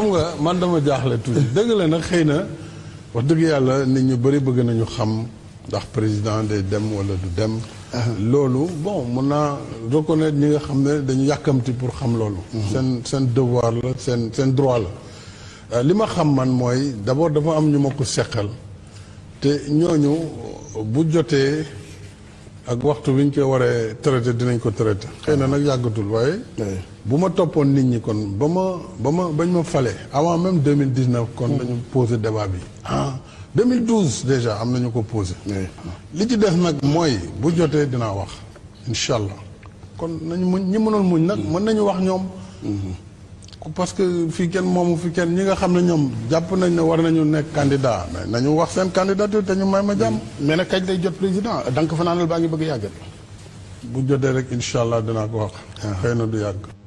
xam nga man dama jaaxle tuuti dëgg la nag xëy na wax dëgg yàlla nit ñu bëri bëgg nañu xam ndax président de dem wala du dem. loolu bon mun naa reconnaître ñi nga xam ne dañu yàkkamti pour xam loolu. Mhm. seen seen devoir la seen seen droit la. Euh, li ma xam man mooy d'abord dafa am ñu ma ko seqal te ñooñu bu jotee. ak waxtu bi ñu koy waree traité dinañ ko traité. xëy na nag yàggatul waaye. bu ma toppoon nit ñi kon ba ma ba ma bañ ma fale avant même 2019. kon dañu posé débat bi. ah 2012 déjà am nañu ko posé. li ci des nag mooy bu jotee dinaa wax incha allah kon nañu muñ ñi mënoon muñ nag mën nañu wax ñoom. Mm-hmm. parce que fii kenn moomu fii kenn ñi nga xam ne ñoom jàpp nañ ne war nañu nekk candidat mais nañu wax seen candidature te ñu may ma jàmm. mais nag kañ lay jot président donc fanaanal baa ngi bëgg a bu jotee rek incha allah dinaa ko wax. Ah. xëy na du yàgg.